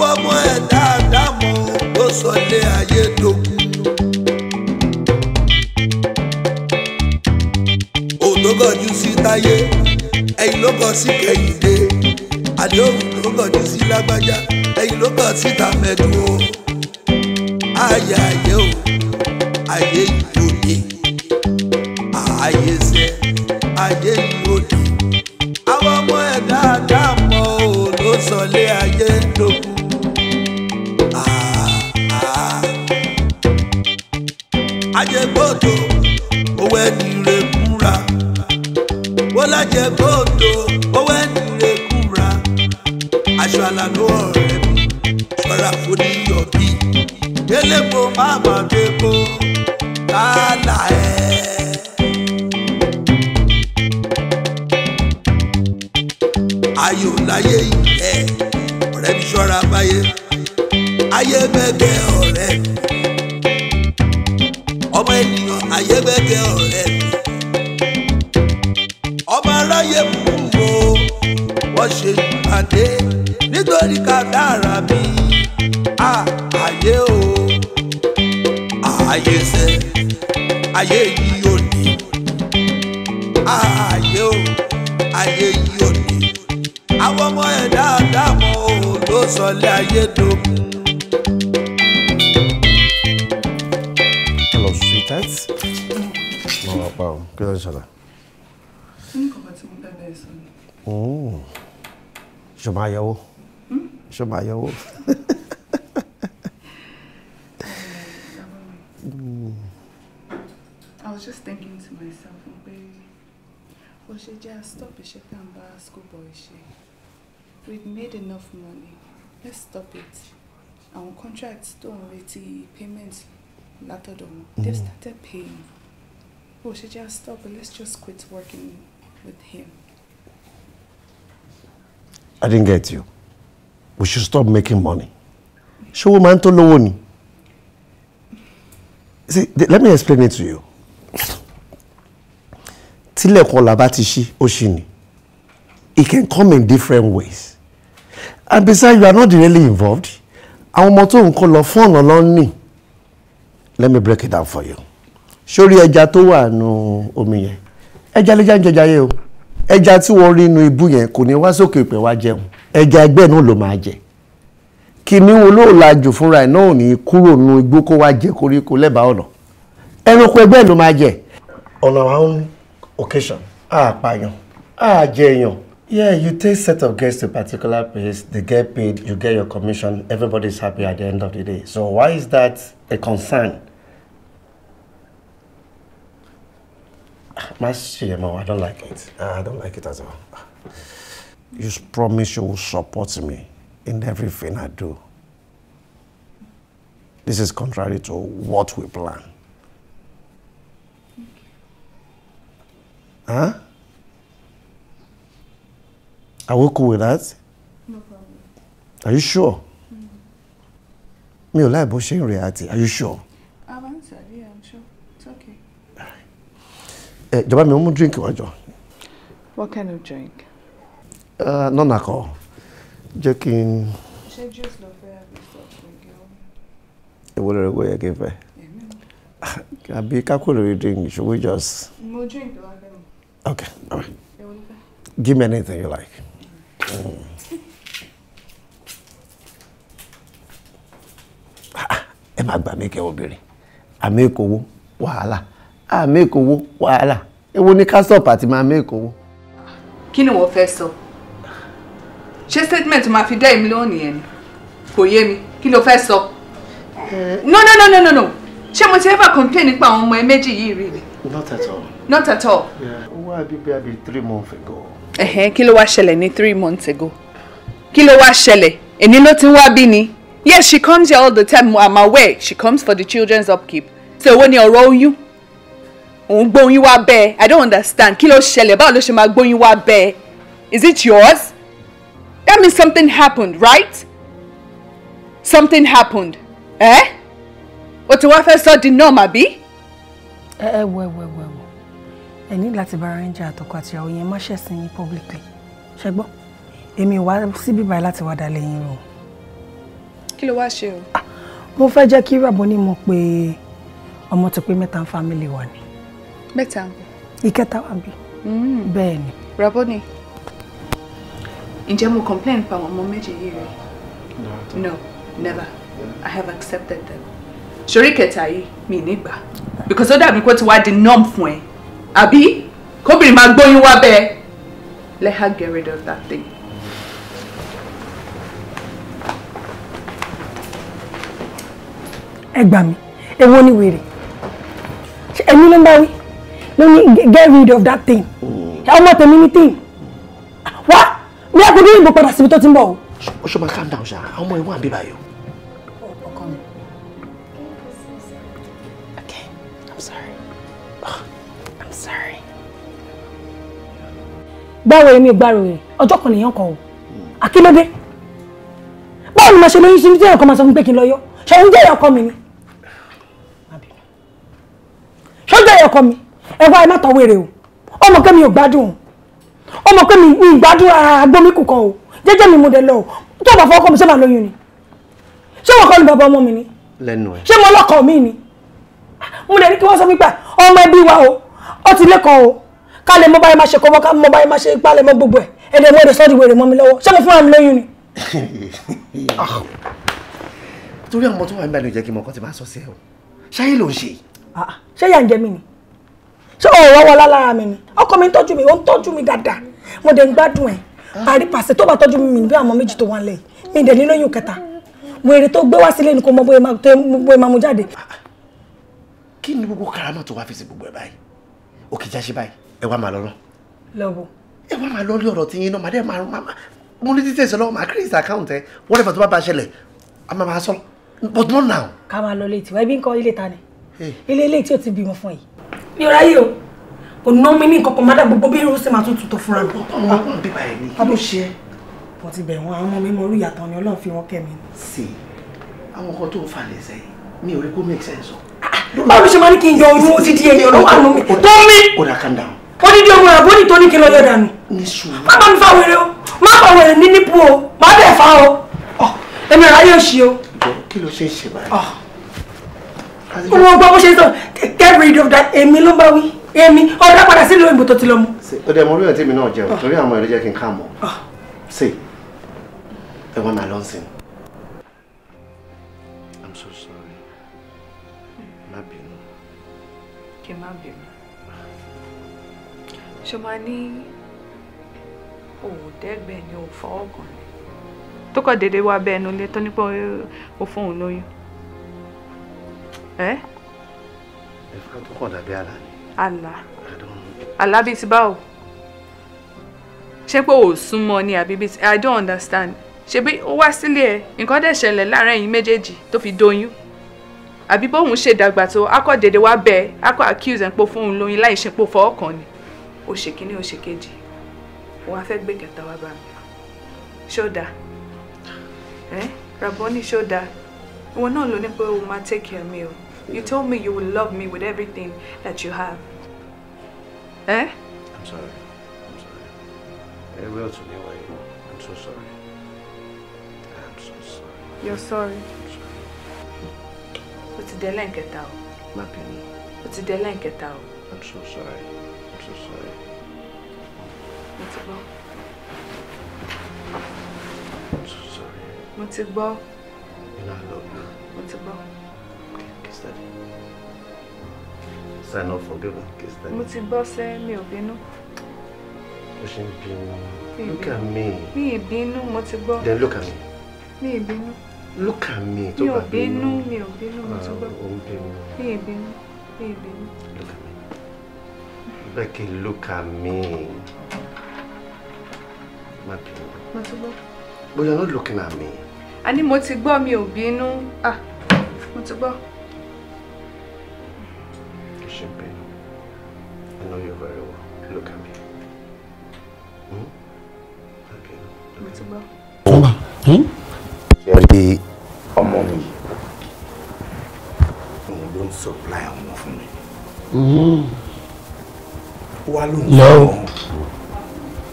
lọ́wọ́ mọ́ ẹ̀ dáadáa mọ́ ó sọ lé ayé dogun. òdógọ̀jú sí táyé ẹ̀yìn ló kọ sí kẹ̀yìndé àdéhùn tó gọ̀jú sí lágbájá ẹ̀yìn ló kọ sí tàmẹ́dùn o ayé ayé o ayé ìdòdè ayé sẹ ayé ìdòdè àwọn ọmọ ẹ̀ dáadáa mọ́ ò ló ayé dogun. lájẹ gbòdò owó ẹni rè kúnra ó lájẹ gbòdò owó ẹni rè kúnra aṣọ àlànà ọ̀rẹ́ mi ṣọ́ra fún níyọ̀ bí elépo má má dépo kálá ẹ̀. ayò láyé ìfẹ́ ọ̀rẹ́ mi ṣọ́ra báyé ayé mẹ́gbẹ́ ọ̀rẹ́ mi. dayé dogun. hello sweetheart. mo wá pa o kí ló ń ṣẹlẹ̀. nǹkan tí mo fẹ́ bẹ́ẹ̀ sọ ni. Hmm. ṣe máa yẹwò hmm? eh, I was just thinking to myself, baby, we should just stop We've made enough money let's stop it àwọn contract tó ń retí payment látọ̀dọ̀ wọn mm. they started paying We should just stop let's just quit working with him. I didn't get you. We should stop making money. Show man to ń tó See, let me explain it to you. Tílẹ̀kùn ọ̀la bá ti ṣí, It can come in different ways and besides you are not really involved àwọn ọmọ tó ń kó lọ fún ọ̀nà lọ́nìí let me break it down for you sórí ẹja tó wà nù omi yẹn ẹja lẹja ń jẹja yẹ o ẹja tí wọ́n rí inú ibú yẹn kò ní wá sókè pé wá jẹun ẹja ẹgbẹ́ náà ló máa jẹ kìnìún olóòlàjù fúnra ẹ̀ náà ò ní kúrò nù igbó kó wá jẹ koríko lẹ́bàá ọ̀nà ẹranko ẹgbẹ́ ló máa jẹ. ọ̀nà àwọn occasion àpàyàn àjẹyàn Yeah, you take set of guests to a particular place, they get paid, you get your commission, everybody's happy at the end of the day. So why is that a concern? My CMO, I don't like it. Ah, I don't like it at all. You promise you will support me in everything I do. This is contrary to what we plan. Huh? Are we cool with that? No problem. Are you sure? Mi ò láì bó ṣe ń react. Are you sure? I've answered. Yeah, I'm sure. It's okay. Ẹ jọba mi, ó mú drink wájọ. What kind of drink? Uh, none at all. Jẹ́ kí n. Ṣé juice lọ fẹ́ àbí soft drink? Èwo lórí owó yẹ kí n fẹ́? Àbí kákó lórí drink, should we just? Mo drink lọ́wọ́ bẹ́ẹ̀. Okay, all right. Give me anything you like ẹ má gbà mí kẹ́ obìnrin àmì ìkòwò wàhálà àmì ìkòwò wàhálà èwo ni kásọ̀pù àti máa mí ìkòwò. kí ni wọ́n fẹ́ sọ ṣé statement máa fi dá èmi lónìí ẹ̀ ni kò yé mi kí ló fẹ́ sọ. no no no no no no ṣé mo ti ever complain nípa àwọn ọmọ ẹ méjì yìí rí ni. not at all. not at all. ó wá bíbí àbí three months ago ẹ̀hẹ́n kí ló wá ṣẹlẹ̀ ní three months ago kí ló wá ṣẹlẹ̀ èmi ló ti ń wá bí ni yes she comes here all the time I'm aware she comes for the children's upkeep So owó ni ọ̀rọ̀ oyún òun gbóyún wá bẹ́ẹ̀ I don't understand kí ló ṣẹlẹ̀ báwo ló ṣe máa gbóyún wá bẹ́ẹ̀ is it yours that means something happened right something happened eh o ti wá fẹ́ sọ di norm àbí. ẹ ẹ wẹ wẹ wẹ ẹ ní láti bá ara ń jẹ àtọkọ àti ìyàwó yẹn má ṣẹ̀sìn yín publicly ṣẹgbọ́n èmi wá síbí báyìí láti wá dalẹ̀ yín o. kí ló wáá ṣe o. Ah, mo fẹ́ jẹ́ kí ràbọ̀ ní mọ̀ pé ọmọ ti pé mẹ́ta ń fámìlì wa ni. mẹ́ta ń ìkẹta wà bí. Mm. bẹ́ẹ̀ ni. ràbọ̀ ni ǹjẹ́ mo complain pa àwọn ọmọ méjì yìí rẹ̀ no never i have accepted them. ṣorí kẹta yìí mi ní gbà because ó dàbí pé ó ti wá di norm fún ẹ àbí kóbìnrin máa gbóyún wá bẹ́ẹ̀ let her get rid of that thing. ẹ gbà mí èwo ni wèrè ẹni ló ń bá wí ló ní get rid of that thing hmm. ọmọ tèmi ní thing wá mi àkùnrin ìbò padà síbi tó ti ń bọ̀ o. ọṣọ ma, calm down ṣá ọmọ ẹ wà ń bí gbáwo èmi gbáwo rẹ̀ ọjọ́ kan lèèyàn kan o akílódé báwo ni mo ṣe lóyún sí ní tí èèyàn kan máa sọ fún pé kí n lọ yọ ṣe ń jẹ́ ìyọkọ mi ni ṣe ń jẹ́ ìyọkọ mi ẹ wá má tọwọ́ èrè o ọmọ kẹ́ mi ò gbádùn o ọmọ kẹ́ mi ń gbádùn agbómi kù kan o jẹ́jẹ́ mi mo dẹ̀ lọ o tó bá fọwọ́ kọ́ mi ṣé màá lóyún ni ṣé wọ́n kọ́ ni bàbá ọmọ mi ni ṣé mo lọ́kọ̀ mi ni mo dẹ̀ ní kí wọ́n sọ fún mi pé ọmọ ẹbí wa o ó ti ká lè mọ báyìí máa ṣe kọ́mọ́ ká mọ báyìí máa ṣe ipá lè mọ gbogbo ẹ̀ ẹ̀dẹ̀ mọ́ ẹ̀dẹ̀ sọ́ọ́dì wèrè mọ́ mi lọ́wọ́ ṣé mo fúnra mi lóyún ni. torí àwọn ọmọ tó wà nígbà ló jẹ́ kí mo kọ́ ti máa sọ sí ẹ o ṣáyé ló ń ṣe. Ah, ah. ṣé yà ń jẹ mí ni ṣé òòrọ̀ wọlá lára mi ni ọkọ mi ń tọ́jú mi ó ń tọ́jú mi dáadáa mo dẹ̀ ń gbádùn ẹ̀ parí ah. pàṣẹ tó bá tọ́jú mi bí àwọn méjì tó karama tó wá fi sí gbogbo ẹ báyìí ẹ wá máa lọ lọ. lọ́wọ́. ẹ wá máa lọ lé ọ̀rọ̀ tí yín náà màdé máa mo ní títẹ̀sí lọ́wọ́ máa create account ẹ whatever tó bá ba ṣẹlẹ̀ a máa máa sọ but not now. ká máa lọ létí wá ibi ń kọ ilé ta ni eh. ilé ilé tí o ti bímọ fún yìí. mi ò ráyè o kò ná mi ní nǹkan kan má dá gbogbo bí irú sí máa tún tutù fúnra mi. ọmọ ọkùnrin bíbá ẹ ní kí ṣe é. wọ́n ti bẹ̀rù àwọn ọmọ mi mọ orí ìyàtọ̀ ni Ọlọ́run fi wọ́n kẹ́ mi. sí àwọn kan tó ń falẹ̀ make sense o. Ah, báwo ló ṣe máa ní kí n yọ oyún odidi ogun àbó ní tóní kìlọ̀ yọ̀ dànù. má bá mi fa wèrè o má bá wèrè ní nípò o má bẹ̀ fa o èmi ara yóò ṣe o. kí ló ṣe ń ṣe báyìí. owó gbọ́ bó ṣe sọ get rid of that èmi ló bá wí èmi ọ̀dà padà sílùú òyìnbó tó ti lọ mu. ọdẹ mo rí ọtí mi náà jẹun torí àwọn èrè jẹ kí n ká mọ sí ẹ wọn náà lọ sí ṣe máa ní òwò dẹ́gbẹ̀ẹ́ ni òwò fọwọ́ kan ni tó kọ̀ déédéé wá bẹ́ẹ̀ nulẹ̀ tó ní pé ó fún òun lóyún. ẹ. ẹ̀fọ́ tó kọ̀ dàbí àlá ni. àlá àlá bíi ti báwo ṣé pé ò súnmọ́ ni àbí bíi I don't understand ṣebí ó wá sílé ẹ nǹkan dẹ̀ ṣẹlẹ̀ láàárín ẹ̀yin méjèèjì tó fi doyún àbí bóun ṣe dàgbà tó akọ déédéé wá bẹ́ẹ̀ akọ accuse ẹ̀ pò fún òun lóyún láì ṣe pò fọ́ ọkàn ni o ṣe kíní o ṣe kejì wàá gbé kẹta wá bá mi ṣódà ẹ Raboni ṣódà ìwọ náà ló ní pé o máa take care of me o you told me you would love me with everything that you have. Eh? I'm sorry. I'm sorry. Ẹgbẹ́ ọ̀tún ni wáyé. I'm so sorry. I'm so sorry. You're sorry. I'm sorry. What's the dẹ́lẹ̀ ń kẹta o. Má bínú. O ti dẹ́lẹ̀ ń I'm so sorry so sorry. Mo ti I'm so sorry. Mo ti I love you. Mo ti gbọ́. Okay, kiss daddy. Sign off forgiven. Kiss daddy. Mo ti gbọ́ sẹ́, mi ò bínú. Mo ṣe Look at me. Me ì bínú, mo ti gbọ́. Then look at me. Me ì bínú. Look at me. Mi ò bínú, mi ò bínú, mo ti gbọ́. Mi ì bínú, mi ì bínú. Look at me fẹ́ kí look at me. Má But you're not looking at me. A ní mo ti gbọ́ mi ò Ah, mo ti gbọ́. You I know you very well. Look at me. Hmm? Má bínú. Mo ti mommy. Hmm, don't supply ẹ for me. mi yìí? Hmm wá lóhùn. lọ́wọ́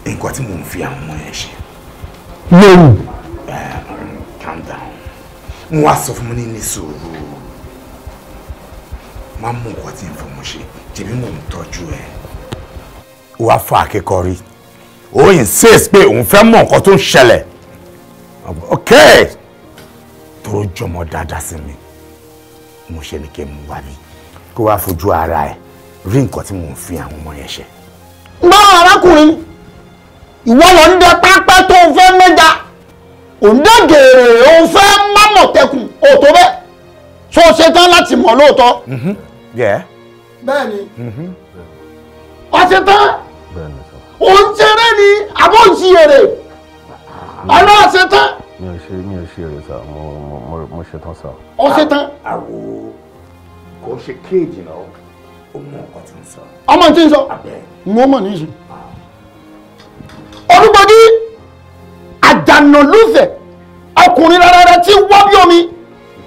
nǹkan tí mò ń fi àwọn ọmọ yẹn ṣe. lóhùn. calm down mo wá sọ fún mi ní sùúrù má mú nǹkan tí n fún mo ṣe tèmi mò ń tọ́jú ẹ̀. wá fún akẹ́kọ̀ọ́ rí ó insist pé òun fẹ́ mọ nǹkan tó ń ṣẹlẹ̀ ok tó jọmọ dáadáa sí mi mo ṣe ni kí n mú wá mi kó wá fojú ara ẹ̀ rí nǹkan tí mò ń fi àwọn ọmọ yẹn ṣe. gbọ́ arákùnrin ìwọ lọ ń dẹ pápá tó ń fẹ́ mẹ́ja òǹdẹ gèrè òun fẹ́ mámọ̀tẹ́kùn òtó bẹ́ẹ̀ tó ṣe tán láti mọ̀ lóòótọ́. Mm-hmm. bẹ́ẹ̀ mm-hmm. ni ọ̀sẹ̀ tán òun ṣeré ni àbó ń ṣiyèrè ọlọ́ọ̀ṣẹ̀ tán. mi ò ṣe mi ò ṣe èrè sá mo mo mo ṣe tán sá. ọ̀sẹ̀ tán. àwo kò ṣe kéèjì náà. ọmọ tí ń sọ mo mọ̀ ní ìsìn olúgbọ́dí àjànà lúfẹ̀ ọkùnrin rárá tí wọ́ bí omi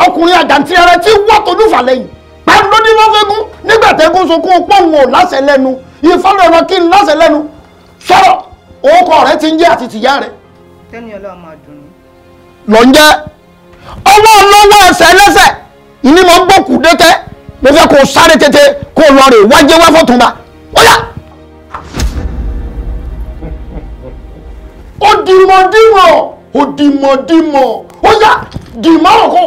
ọkùnrin àjàntí rárá tí wọ́ tolúfà lẹ́yìn pẹ̀lú lóní nígbà sunkún lẹ́nu ìfọ́nà lọ ọwọ́ ọlọ́wọ́ ẹsẹ̀ ń mo fẹ́ kó o sáré tètè kó o lọ rè wájé wá fọ́tún bá ó yá. ó dìmọ̀dìmọ̀ ó dìmọ̀dìmọ̀ ó yá dìmọ̀ ọ̀kọ́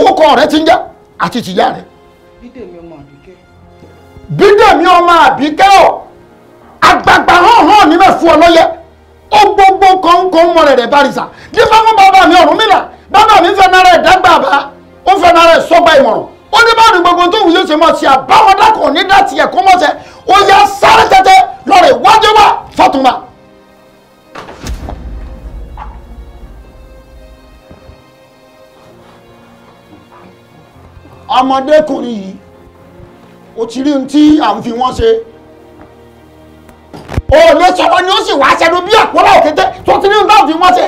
orúkọ rẹ ti ń jẹ́ àti tìyá rẹ. bídèmí ọmọ àbíkẹ́. bídèmí ọmọ àbíkẹ́ ọ̀ àgbààgbà hàn hàn níbẹ̀ fún ọ lọ́yẹ ó gbogbo kọ̀ọ̀kan mọ̀ rẹ̀ rẹ̀ barisa dífá fún bàbá mi Ọ̀rúnmìlà bàbá mi fẹ́ nara ẹ̀ dágbà bá ó fẹ́ nara ẹ̀ sọ́gbà ìmọ̀ràn ó ní báwo ni gbogbo tó wù yóò ṣe máa ṣe àbáwọn dákọ̀ ní dàtí ẹ̀kọ́ mọ́ṣẹ́ ó yá sáré tẹ́tẹ́ lọ́rẹ̀ wájú wá fọ́túnmá. ọmọdékùnrin yìí ó ti rí ohun tí à ń fi wọ́n ṣe ó lè sọ̀rọ̀ ni ó sì wá ṣẹ́nu bí àpọ́lá òkété tó ti rí ohun tí à ń fi wọ́n ṣe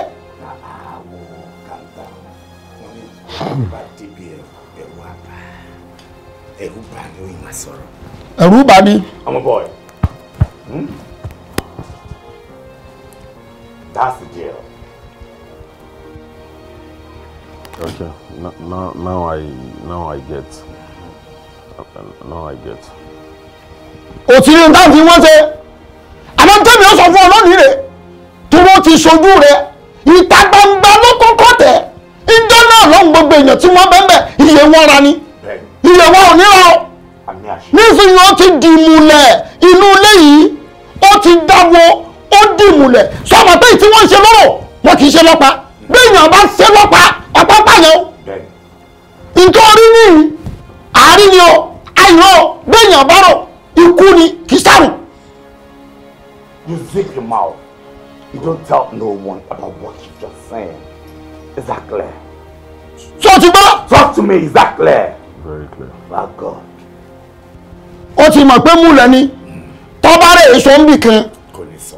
ẹ̀rù bà ní oyin máa sọ̀rọ̀. ẹ̀rù bà ní. ọmọ bọ̀ ẹ̀ hmm? that's the deal. Okay, no, now I now I get now I get. Òtí ni nǹkan fi wọ́n ṣe. Àmọ́ tẹ́mi ó sọ fún ọ lónìí rẹ̀ tí wọ́n ti ṣojú rẹ̀. Ìta gbangba ló kọ́kọ́ tẹ̀. Ìjọ náà lọ́hùn gbogbo èèyàn tí wọ́n bẹ́ẹ̀ bẹ́ẹ̀ iye wọn ra ni ìyẹ̀wò òní o nísìnyí ó ti dìmùlẹ̀ inú ilé yìí ó ti dáwọ́ ó dìmùlẹ̀ sọ̀rọ̀ pé tí wọ́n ń ṣe lọ́rọ̀ wọn kì í ṣe lọ́pàá bí èèyàn bá ṣe lọ́pàá ọ̀pá báyọ̀ nǹkan orí ní àárín ni o ayọ̀ bí èèyàn bá rọ̀ ikú ni kì í sàrùn. You zip your mouth. You don't tell no one about what you just saying. Is that clear? Sọ ti gbọ́. Talk to me, is that clear? Very clear. My God. Ó ti mọ̀ pé múlẹ̀ ni tó bá rẹ̀ èso ń bì kan. Kò ní sọ.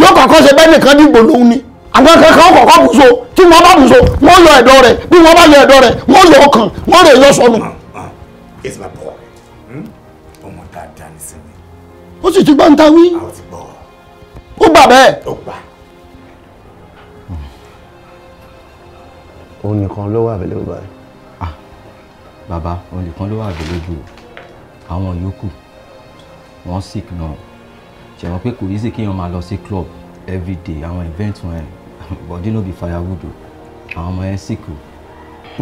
Yóò kọ̀kọ́ ṣe bẹ́ẹ̀ nìkan dìgbò lóhun ni. Àwọn kankan kọ̀kọ́ bùso tí wọ́n bá bùso wọ́n yọ ẹ̀dọ̀ rẹ̀ bí wọ́n bá yọ ẹ̀dọ̀ rẹ̀ wọ́n yọ ọkàn wọ́n rẹ̀ yọ sọnù. It's ah, ah, my boy. Hmm? Ọmọ dáadáa ní sinmi. Ó sì ti gbọ́ ń ta wí. Àwọn ti gbọ́. Ó gbà bẹ́ẹ̀. Ó hmm. nìkan ló wà abẹ́lẹ́ báyìí bàbá olùkan ló wà lójú àwọn yòókù wọ́n sick náà ṣẹ̀wọ̀n pé kò yí sí kéèyàn máa lọ sí club everyday àwọn event wọn body no be firewood o àwọn ọmọ yẹn sick o.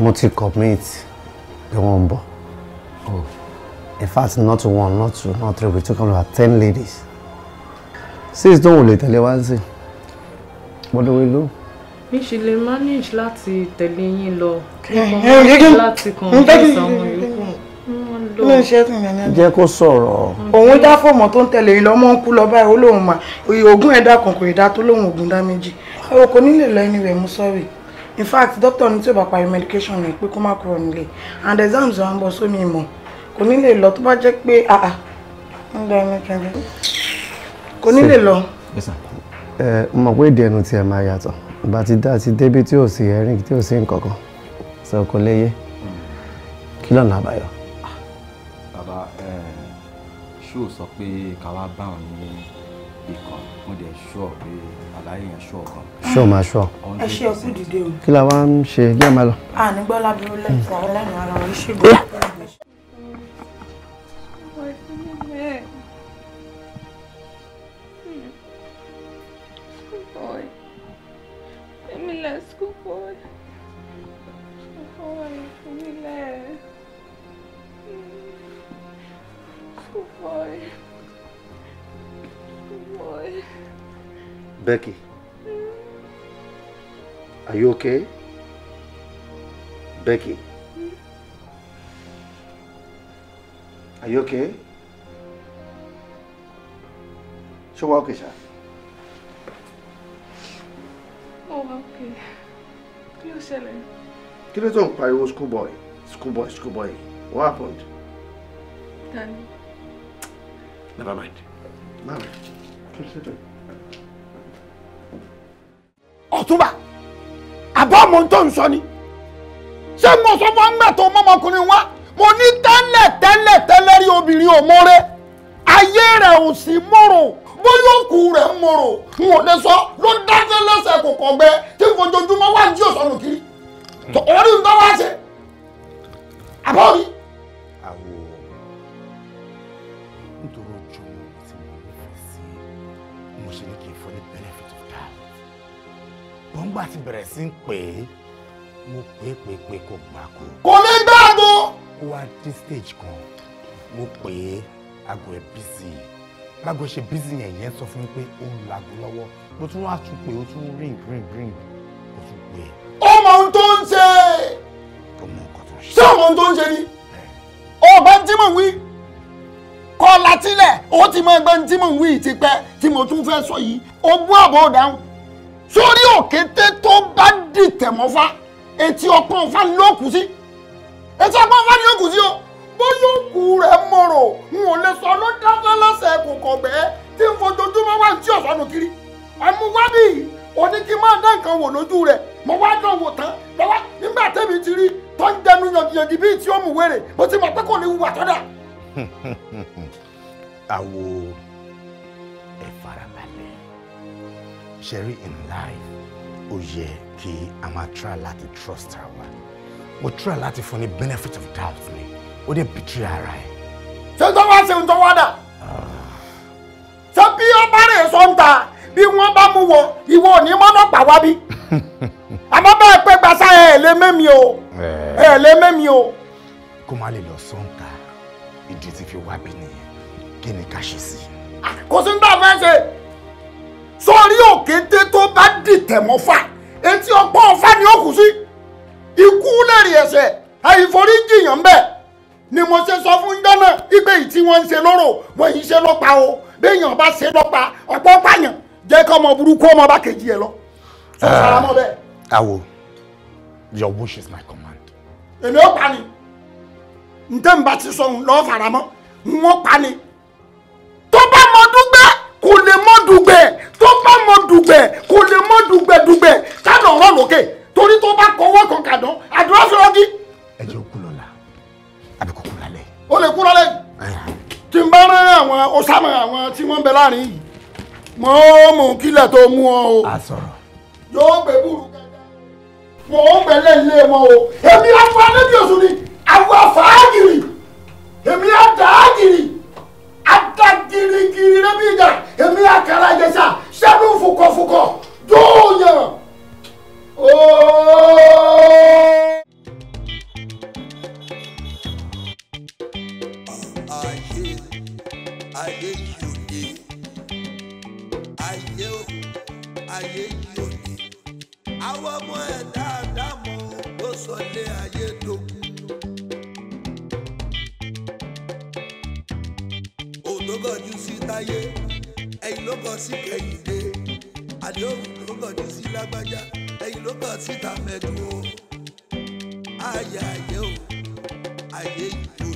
mo ti commit pé wọ́n ń bọ̀ oh. in fact not one not two not three we took am about ten ladies six don't wò lè tẹ̀lé wá sí what do we do mi ṣe lè manage láti tẹ̀lé yín lọ láti kàn ń tẹ̀sán àwọn yòókù ló ń ṣe tún yẹn ní. jẹ́ kó sọ̀rọ̀. òun dá fọ́ọ̀mù tó ń tẹ̀lé yìí lọ́mọ ń kú lọ báyìí ó lóun mà oògùn ẹ̀dá kan kò dá tó lóun oògùn dá méjì. o kò nílè lọ anywhere mú sọ́ọ̀rì in fact doctor ní tí ò bá parí medication rẹ̀ pé kó má kúrò nílé and exams wa ń bọ̀ sómi ìmọ̀ kò nílè lọ tó bá jẹ́ pé àà ah, ah. ń lọ kò nílè lọ. ẹ mọ̀ pé ìdí ẹnu tí ẹ máa yàtọ̀ bá ti dá ti débi tí ò sí ẹ̀rín tí ò sí nǹkankan sọ kò léyé hmm. kí lọ́nà àbáyọ. Ah, bàbá ṣó sọ pé káwá bá òun ní ìkan mo dẹ̀ ṣọ́ pé àlàyé yẹn ṣọ́ kan. ṣọ́ máa ṣọ́. ẹ ṣe ọkú dìde o. kí la wá ń ṣe díẹ̀ máa lọ. a ní gbọ́ lábẹ́rẹ́ lẹ́kọ̀ọ́ lẹ́nu ara oríṣiríṣi. alhamdulillah school boy. Oh, alhamdulillah. School boy. boy. Becky. Are you okay? Becky. Are you okay? Ṣé wàá okay, ṣáà? kí ló ṣẹlẹ̀. kí ló tó ń pariwo schoolboy schoolboy schoolboy what happened. tani. never mind. never mind. ọ̀túnba àbọ̀ ọmọ tó ń sọ ni ṣé mo sọ fún ọgbà tó mọ́mọkùnrin wa mo ní tẹ́lẹ̀ tẹ́lẹ̀ tẹ́lẹ̀ rí obìnrin òmóore ayé rẹ̀ ò sí bóyá òkú rẹ̀ ń mòrò n ò lè sọ ló dákẹ́ lẹ́sẹ̀ kò kọ̀gbẹ́ tí fojoojúmọ́ wá jí òsọ̀nù kiri orí ń bá wá ṣe àbọ̀rí. àwo nítorí ojú mi tí mo nífẹ̀ẹ́ sí mo ṣe ní kí n fọ ní benefit of bọ́ngbà ti bẹ̀rẹ̀ sí ń pè é mo pè é pè é pé kò gbà kó. kò lè gbàgbọ́. ó wá dé stage kan mo pè é aago ẹ̀ bí sí i lágbo ṣe bísí yẹn yẹn sọ fún mi pé ó ń lago lọ́wọ́ mo tún wá tún pé ó tún ring ring ring ó tún pé. ó mọ ohun tó ń ṣe. ó mọ nǹkan tó ń ṣe. ṣé ó mọ ohun tó ń ṣe ni. ọba tí mò ń wí kọ́ latílẹ̀ ó ti mọ ẹgbẹ́ tí mò ń wí ti pẹ́ tí mo tún fẹ́ sọ yìí ogún àbọ̀ ọ̀daràn sórí òkété tó bá dìtẹ̀ etí ọpọ́n ló kù sí etí ọpọ́n ló kù sí o bóyá òkú rẹ̀ mọ̀rọ̀ n ò lè sọ ló dáná lọ́sẹ̀ kò kọ̀ bẹ́ tí n fojoojúmọ́ wá tí kiri. nù kiri àmúwábì òní kí n máa dá nǹkan wò lójú rẹ̀ mo wá dán wò tán lọ́wọ́ nígbà tẹ́mi ti rí tó ń dẹnu yangiyangi bíi tí ó mú wèrè mo ti mọ̀ pé kò ní wùwà tọ́dà. àwo ẹ farabalẹ̀ ṣeré in life ó yẹ kí a máa try láti trust our mo try láti fún ní benefit of doubt ni o de bitiri ara ẹ. ṣé tó wá ṣe ń tọ́wọ́ dà ṣé bí ọba rẹ̀ sọ ń ta bí wọ́n bá mú wọ ìwọ ò ní mọ́nàpá wá bí àmọ́ bẹ́ẹ̀ pé gbàsá ẹ̀ lé mẹ́mi o ẹ̀ lé mẹ́mi o. kó má lè lọ sọ́ǹtà ìdí tí fi wá bí nìyẹn kí ni ká ṣe sí. kò sí ní tá a fẹ́ ṣe sórí òkété tó bá dìtẹ̀ mọ́ fà etí ọgbọ́n ọ̀fà ni ó kù sí ikú lè rí ẹsẹ̀ àìforíjìyàn bẹ́ẹ̀ ni mo ṣe sọ fún jọ́nà ipe yìí tí wọ́n ń ṣe lóró wọ́n yìí ṣe lọ́pa o béèyàn bá ṣe lọ́pa ọ̀pọ̀ pààyàn jẹ́ kí ọmọ burúkú ọmọ bá kejì ẹ lọ. Ah, awo your wish is my command. èmi ò pa ni ntẹ́ ń bá ti sọ òun lọ́ọ́ fara mọ́ wọ́n pa ni tó bá mọ dúgbẹ́ kò lè mọ dùgbẹ́ tó bá mọ dùgbẹ́ kò lè mọ dùgbẹ́ dùgbẹ́ ká lọ lókè torí tó bá kọ kan kàdán àdúrà fẹ́ o lè kúrọ́ lẹ́yìn tí n bá rán àwọn ọ̀sàmọ̀ àwọn tí wọ́n ń bẹ láàrin yìí mo mú kílẹ̀ tó mú ọ o yóò gbé búrú mo ń gbẹ lẹ́yìn lé wọn o èmi afọ adébíyèsù ni àwọn afáàgìrì èmi àdáàgìrì àdàgìrìgìrì lẹ́bí ìjà èmi àkàrà ìjẹsà sẹ́nu fukọ̀fukọ̀ yóò Oh! ayé yìí ò ní ayé ò ayé yìí ò ní àwọn ọmọ ẹ̀ dáadáa mọ̀ ló sọ lé ayé dókun. òdògànjú sí táyé ẹ̀yìn ló kọ sí kẹ̀yìndé àdéhùn ló kọjú sí lágbájá ẹ̀yìn ló kọ síta mẹ́dùn ó ayé ayé ò ayé yìí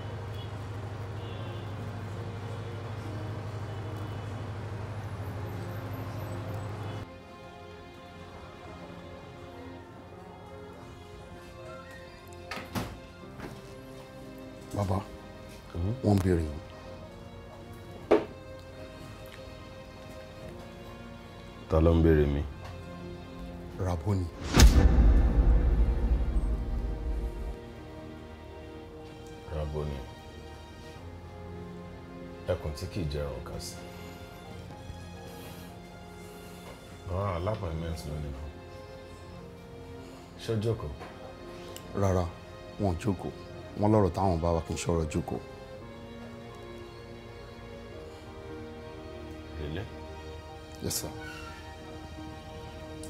clients lónìí kan ṣó jókòó. rárá wọn ò jókòó wọn lọ́rọ̀ táwọn bá wa kì í Really? Yes, sir.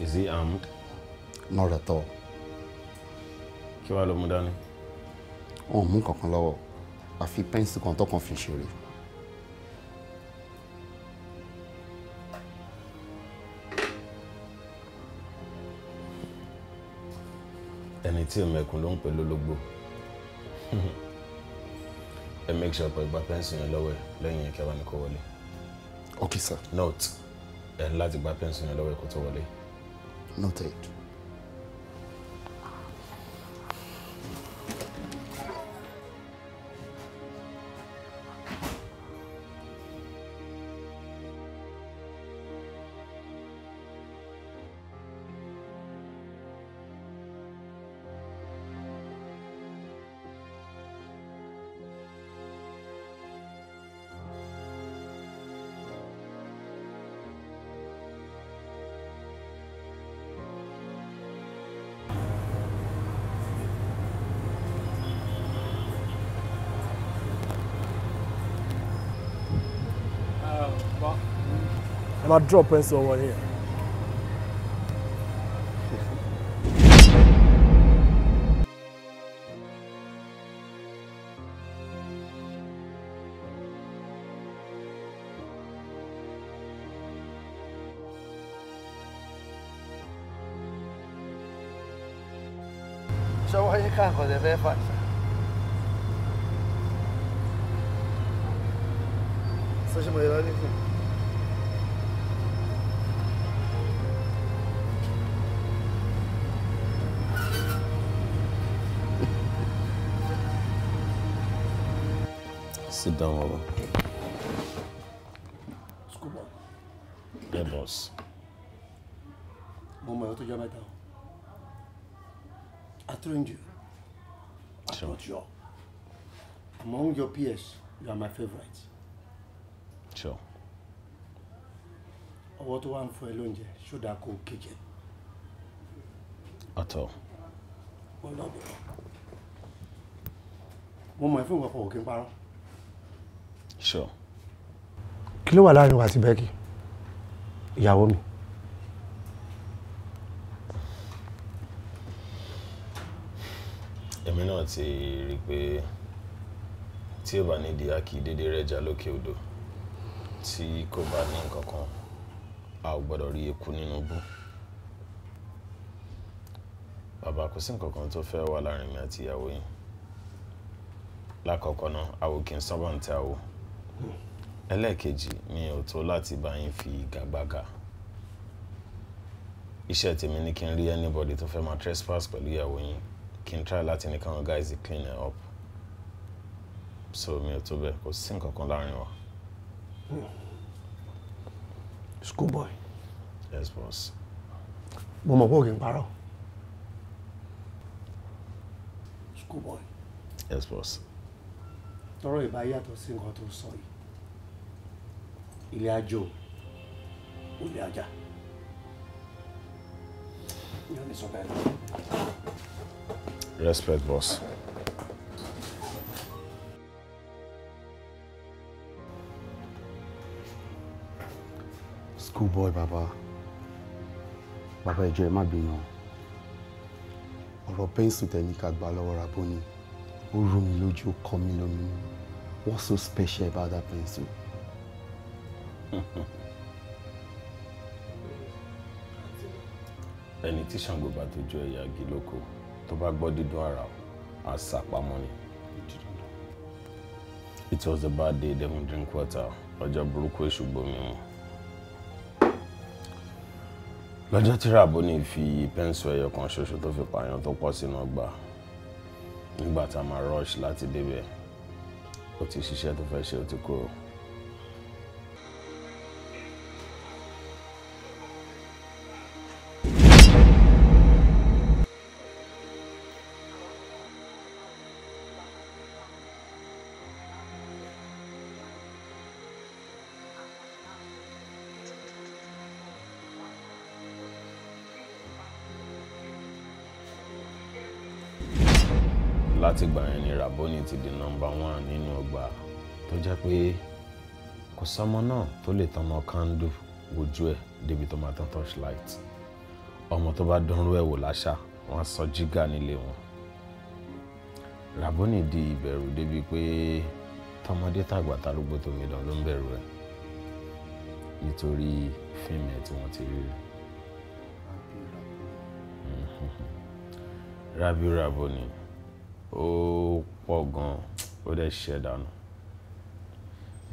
Is he armed? Not at all. kí wàá ló mú dání. wọn ò mú kankan lọ́wọ́ àfi pẹ́ǹsì ẹni tí ìmẹ̀kùn ló ń pè lólógbò ẹ make sure pé gba pẹ́ǹsì yẹn lọ́wọ́ ẹ lẹ́yìn yẹn kí a bá wọlé. ok sir. note ẹ ń láti gba pẹ́ǹsì yẹn lọ́wọ́ ẹ kó tó wọlé. noted. drop dropping over here. So what you can't go there, fast. Such a way, Sit down, Baba. School boy. Yeah, boss. Mo mọ̀ ẹ́ tó jẹ́ mẹ́ta I trained you. I sure. taught you. Among your peers, you are my favorite. Sure. Ọwọ́ tó wà ń fọ ẹ lóúnjẹ, ṣódà kò kéje. Àtọ̀. Mo lọ́dọ̀. Mo mọ̀ ẹ́ fún ìwọ̀pọ̀ òkè ń sure. kí ló wà láàrin wa àti Becky ìyàwó mi. èmi náà ti rí i pé tí ó bá nídìí akí dédé rẹjà lókè odò tí kò bá ní nǹkan kan a ò gbọ́dọ̀ rí eku nínú bú bàbá kò sí nǹkan kan tó fẹ́ wà láàrin mi àti ìyàwó yìí lákọ̀ọ́kọ́ náà àwò kì sábà ń tẹ àwò ẹlẹ́ẹ̀kejì mi ò tó láti bá yín fi ìgagbága iṣẹ́ tèmi ni kí n rí anybody tó fẹ́ máa trespass pẹ̀lú ìyàwó yín kí n try láti ní káwọn guys clean it up so mi ò tó bẹ́ẹ̀ kò sí nǹkan kan láàrin wa. schoolboy. yes boss. mo mọ̀ pé òkè ń parọ́. schoolboy. yes boss. tọrọ ìbá yàtọ̀ sí nǹkan tó sọ yìí ilé ajo olè ajá yóò lè sọ respect boss. schoolboy baba baba ìjọ ẹ má bínú ọ̀rọ̀ pẹ́ńsù tẹ̀lé ká gbà lọ́wọ́ Raboni ó rú mi lójú ó mi lómi what's so special about that pencil. ẹni tí Ṣàngó bá tójú ẹ̀yà igi lóko tó bá gbọ́ dídún ara á sá ni. it was a bad day dem drink water ọjọ́ burúkú èṣù gbomi mu. lọ́jọ́ tí Ràbónì fi pẹ́ńsù ẹyọ kan ṣoṣo tó fi pààyàn tó pọ̀ sínú ọgbà nígbà tá a máa rush láti débẹ̀ ó ti ṣiṣẹ́ tó fẹ́ ṣe ó ti kúrò. látìgbà yẹn ni Raboni ti di nọmba one nínú ọgbà tó jẹ́ pé kò sọmọ náà tó lè tàn mọ́ kándù wojú ẹ̀ débi tó máa tán torchlight ọmọ tó bá dánrú ẹ̀ wò láṣà wọ́n sọ jígà nílé wọn Raboni di ìbẹ̀rù débi pé tọmọdé tàgbà tarúgbó tó mi dán ló ń bẹ̀rù ẹ̀ nítorí fíìmù ẹ̀ tí wọ́n ti rí rí. Rabi Raboni ó pọ̀ gan, ó dẹ̀ ṣẹ́ dànù.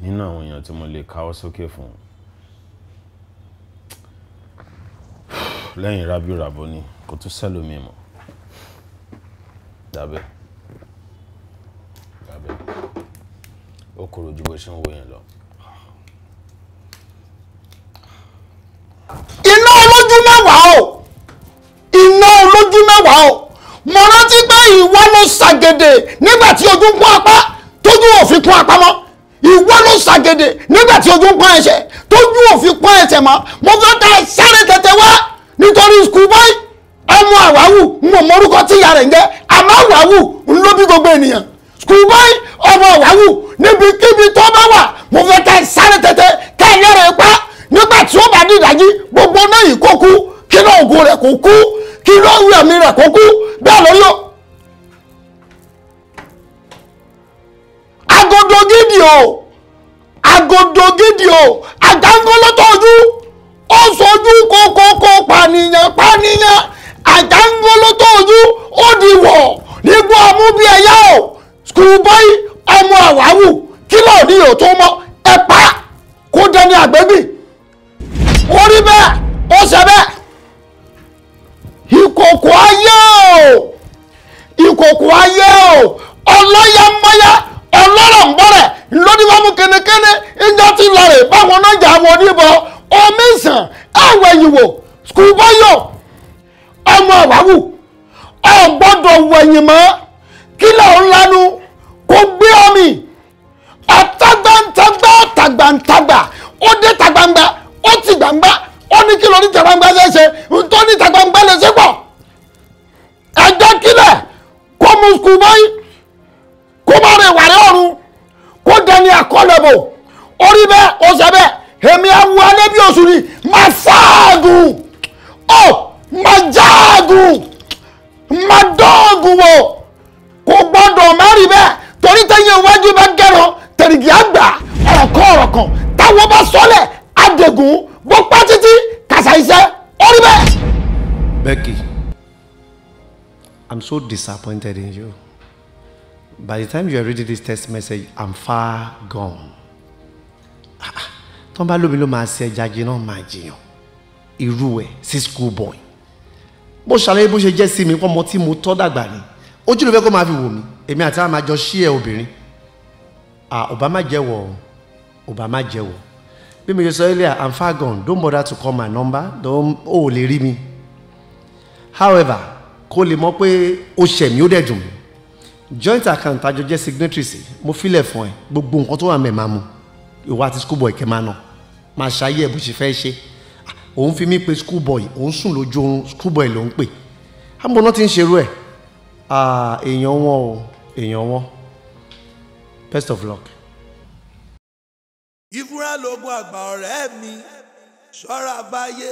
Nínú àwọn èèyàn tí mo lè káwọ́ sókè fún, lẹ́yìn Rabiu Raboni kò tún sẹ́lòmí mọ̀. Dàbẹ́, dàbẹ́. Ó korò ju bó ṣe ń wo yẹn lọ. Iná olójú mẹ́wàá o! Iná olójú mẹ́wàá o! mo rántí pé ìwọ ló ṣàgèdè nígbà tí ojú ń pọ́n apá tójú òfin pọ́n apá mọ́ ìwọ ló ṣàgèdè nígbà tí ojú ń pọ́n ẹsẹ̀ tójú òfin pọ́n ẹsẹ̀ mọ́ mo fẹ́ ta sáré tètè wá nítorí skul báyìí ọmọ àwáwù n ò mọrúkọ tíya rẹ̀ ń jẹ́ àmọ́ àwáwù ń ló bí gbogbo ènìyàn skul báyìí ọmọ àwáwù níbikíbi tó bá wà mo fẹ́ ta sáré tètè kẹ́lẹ́ rẹ̀ pa nígbà tí ó bá ní ìdájí gbogbo náà yìí kó kú kí lóògùn rẹ̀ kó kú kí lóògùn ẹ̀mí rẹ̀ kó kú bẹ́ẹ̀ lórí o. agodo gidi o agodo gidi o àjàngolótọ́jú ó sojú kókókó pànìyàn pànìyàn àjàngolótọ́jú ó di wọ̀ nígbà ọmú bí ẹyá o skùlbọ́ì ọmọ àwáwù kí lóò ní yòó tó mọ ẹ pa kó dẹni àgbẹ̀bì orí bẹ́ẹ̀ ó ṣe bẹ́ẹ̀ ìkòkò ayé o ìkòkò ayé o ọlọ́yàmáyà ọlọ́rọ̀ǹbọ̀rẹ̀ lóníwámú kẹ́nẹ́kẹ́nẹ́ ìjọ ti lọ rè báwọn náà jà wọn níbọ omi sàn ẹ̀wẹ̀ ìwò skubọ́yọ̀ ọmọ àwáwù ọ̀gbọ́dọ̀ wẹ̀yìn mọ́ kílẹ̀ ńlanu kò gbé omi àtàgbàǹtàgbà tàgbàǹtàgbà ó dé tàgbàǹgbà ó ti gbàǹgbà ó ní kí lóní tàgbàǹgbà ṣe é láyé kó má rìn wàrẹ́ ọ̀run kó dẹni àkọlẹ̀bò orí bẹ́ẹ̀ ó ṣe èmi àwọn alẹ́bí oṣù ni máa fáàgùn ọ máa jáàgùn máa dọ́ọ̀gùn wò kò gbọ́dọ̀ má rí bẹ́ẹ̀ torí tẹ́yìn iwájú bá gẹ̀rọ tẹ̀rìgì àgbà ọ̀rọ̀ kan táwọn bá sọ́lẹ̀ àdègùn bó pa títí kàṣà iṣẹ́ orí bẹ́ẹ̀. Becky, I'm so disappointed in you by the time you are reading this text message i'm far gone ah, ah. tó ń bá lómi ló máa ṣe ẹja jiná máa jiyàn irú ẹ sí school boy bó ṣàlàyé bó ṣe jẹ́ sí mi pọ́nmọ tí mo tọ́ dàgbà ni ojú ló fẹ́ kó máa fi wò mí èmi àti àwọn àjọ ṣí ẹ obìnrin ọba má jẹ́wọ́ ọba má jẹ́wọ́ bí mi ṣe sọ earlier i'm far gone don't bother to call my number ó lè rí mi however kó lè mọ̀ pé ó ṣẹ̀ ó dẹ̀ dùn mí joint account àjọ jẹ́ signatory sí mo filẹ̀ fún ẹ gbogbo nǹkan tó wà mẹ́ẹ̀ máa mu ìwà àti school boy kẹ́ máa nà máa ṣayé ẹ̀ bó ṣe fẹ́ ṣe òun fi mí pe school boy òun sùn lójú oorun school boy ló ń pè àmọ́ná ti ń ṣerú ẹ̀ èèyàn wọn o èèyàn wọn best of luck. ìfúra lóògùn àgbà ọ̀rẹ́ mi ṣọ́ra báyé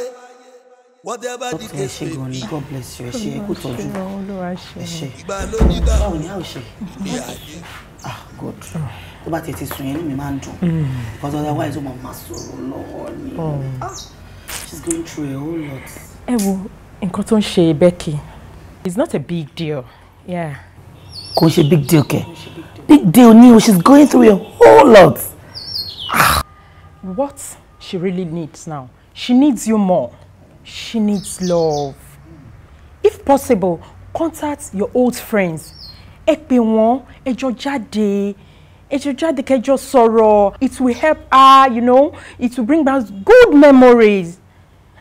whatever the case may God bless you. ẹ ṣe kú tọ́jú ẹ ṣe. ìgbàlódìgbà báwo ni a ò ṣe. ní àyè. ah God tó bá tètè sùn yẹn ní mi máa ń dùn mm. because otherwise ó máa ma sọ̀rọ̀ lọ́wọ́ ni oh. ah she's going through a whole lot. ẹ wo nǹkan tó ń ṣe Becky it's not a big deal. Yeah. kò ń ṣe big deal kẹ big deal ni o she's going through a whole lot. Ah. what she really needs now she needs you more. She needs love. If possible, contact your old friends. Ẹ pè wọ́n, ẹ jọ jáde, ẹ jọ jáde kẹjọ sọ̀rọ̀. It will help her, you know, it will bring back good memories.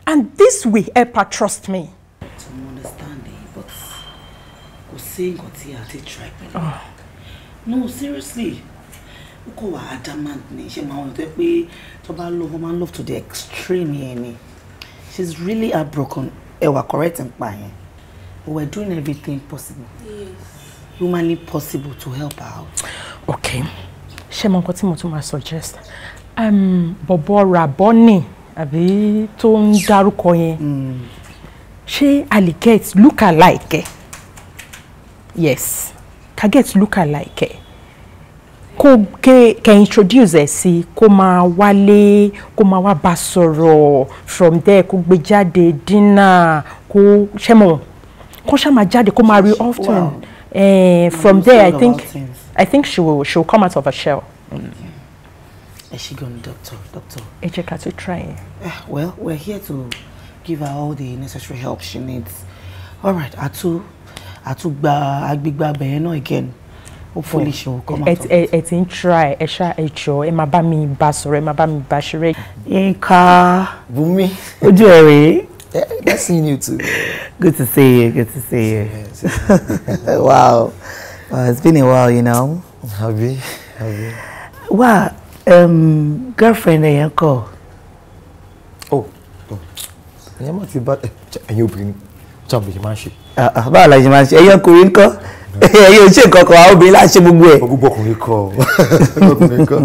And this will help her, trust me. Mo understand it, but kò sí nǹkan tí a ti try ah. No, seriously ó kọ̀ wá adamant ni ṣe máa ń tẹ́ pé tó bá love ó máa love to the extreme here, ni she's really heartbroken ẹ wà correct n pa yẹn were doing everything possible yes. humanly possible to help her out. okay ṣé mo nǹkan tí mo tún suggest um, bọ̀bọ̀ Bonnie, àbí tó ń dárúkọ yẹn mm. ṣé a look alike yes ka look alike kó ké kẹ́ introduce ẹ̀ sí kó máa wálé kó máa wá bá sọ̀rọ̀ from there kó gbé jáde dinner kó ṣẹ́mọ̀ kó ṣá máa jáde kó máa rí often eh, from there I think I think she will she will come out of her shell. ẹ ṣe gan ni doctor doctor. ẹ jẹ́ ká tún try. Ah, well we're here to give her all the necessary help she needs all right atu àtúgbà agbègbè abẹ́yẹn náà again hopefully she will come out. ẹ ti ń try I ṣá ẹ jọ ẹ máa bá mi bá sọ̀rọ̀ ẹ máa bá mi bá ṣeré. Yínká Bùnmi ojú ẹ rèé. Eh, nice seeing you too. good to see you good to see you. wow well, it's been a while you know. Have àbí àbí. wá um, girlfriend ẹ yẹn kọ. Oh, oh ìyẹn má you bá ẹyin you tí a bèèrè máa ń ṣe. Ah, ah, báwo la ṣe máa ń ṣe you ọkùnrin kọ́. ẹ̀yin ò ṣe nǹkan àwọn obìnrin láṣẹ gbogbo ẹ̀. gbogbo ọkùnrin kọ ọkùnrin kọ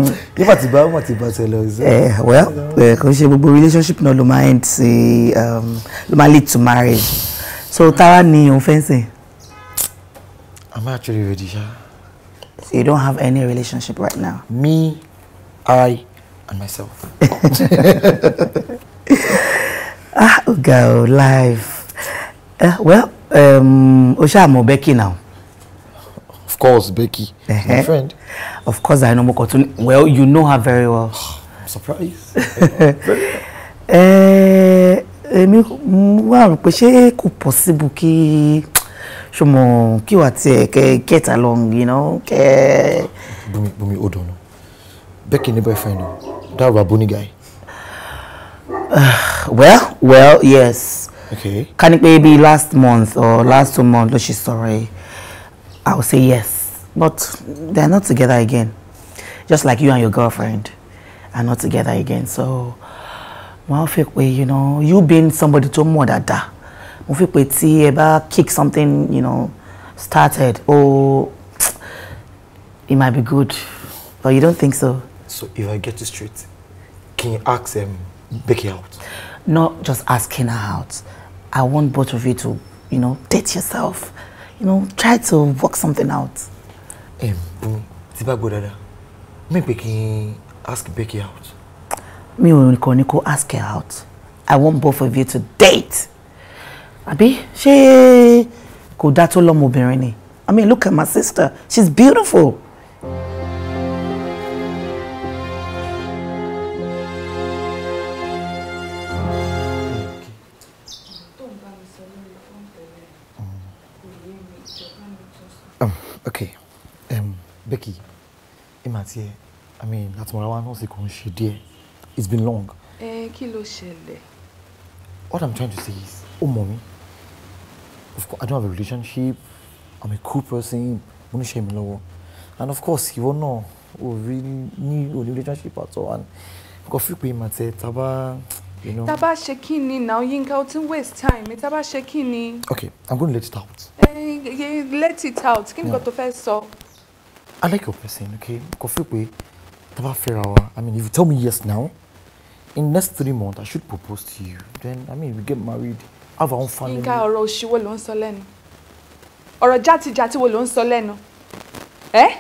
bá wọn ti bá tẹlẹ ọsẹ. Eh, well ẹ eh, kò ṣe gbogbo relationship náà ló máa end sí um, ló máa lead to marriage so tara ni òun fẹ́ sìn. am actually ready sha. so you don't have any relationship right now. me I and myself. ah oga o life uh, well um, o ṣáà mọ Becky now course, Becky. Uh -huh. My friend. Of course, I know Mokotun. Well, you know her very well. I'm surprised. Eh, èmi wá rò pé ṣé kò possible kí ṣùgbọ́n kí get along you know kẹ́. Bumi Bumi hold on. Becky ní boyfriend that Rabuni guy. Uh, well well yes. Okay. Can it pé last month or last two months She's sorry. I will say yes. But they're not together again. Just like you and your girlfriend are not together again. So, well, you know, you being somebody to more that da. Mo fi pé kick something, you know, started or oh, it might be good. But you don't think so? So if I get it straight, can you ask um, Becky out? Not just asking her out. I want both of you to, you know, date yourself. you know try to work something out. ẹ bú tí bá gbọ́ dáadáa mi ask Becky out. Me and kàn ask her out I want both of you to date Abi she kò dá tó lọ́mọbìnrin ni I mean look at my sister she's beautiful. Um, okay. Um, Becky, Imati, I mean, that's why I want to see you díẹ̀. It's been long. Eh, kilo ló What I'm trying to say is, oh mommy. Of course, I don't have a relationship. I'm a cool person. I'm ní ṣe mi lọ́wọ́. And of course, ìwọ won't know. We ní ò ní relationship at all. And nǹkan fi pé Imati, tá a You know. Taba Shekini now, Yinka, ó ti waste time. Taba Shekini. Okay, I'm going to let it out. Eh, eh, let it out. Kí ni nǹkan tó fẹ́ sọ? I like your person, okay? Kò fẹ́ pé Taba Ferawa. I mean, if you tell me yes now, in next three months, I should propose to you. Then, I mean, we get married, have our own family. Yinka, ọ̀rọ̀ òṣì wo ló ń sọ lẹ́nu? Ọ̀rọ̀ játijàti wo ló ń sọ lẹ́nu? Eh?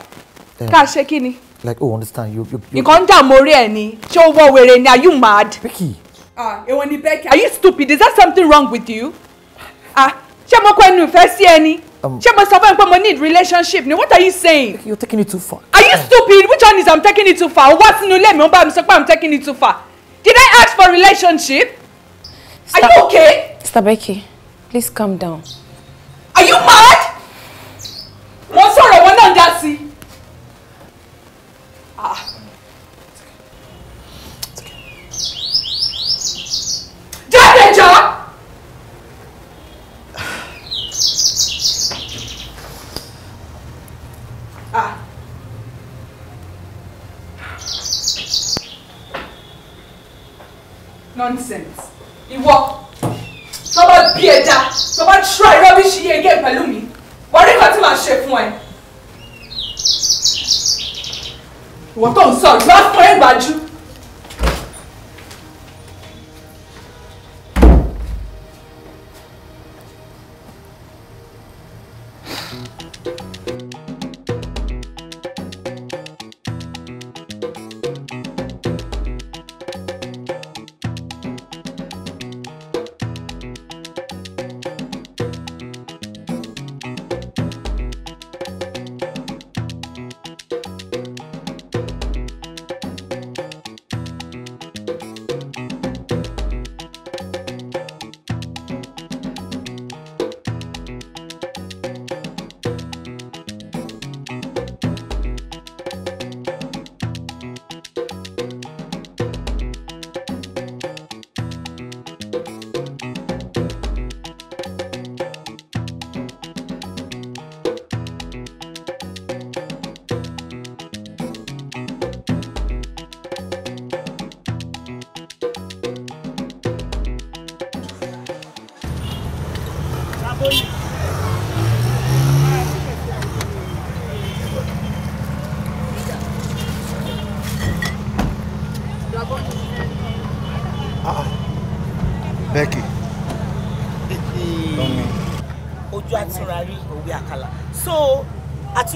eh Ká ṣe kí Like, oh, understand, you. You can't tell orí ẹ̀ ni. Ṣé o wọ wèrè Are you mad? Becky. Ah, èwo ni Are you stupid? Is there something wrong with you? Ah, ṣé mo kọ́ ẹnu ìfẹ́ sí ẹni? Um, ṣé mo sọ need relationship ni? What are you saying? You're taking it too far. Are you stupid? Which one is I'm taking it too far? Wá sínú ilé mi, ó I'm taking it too far. Did I ask for relationship? Star are you okay? Stabeki, please calm down.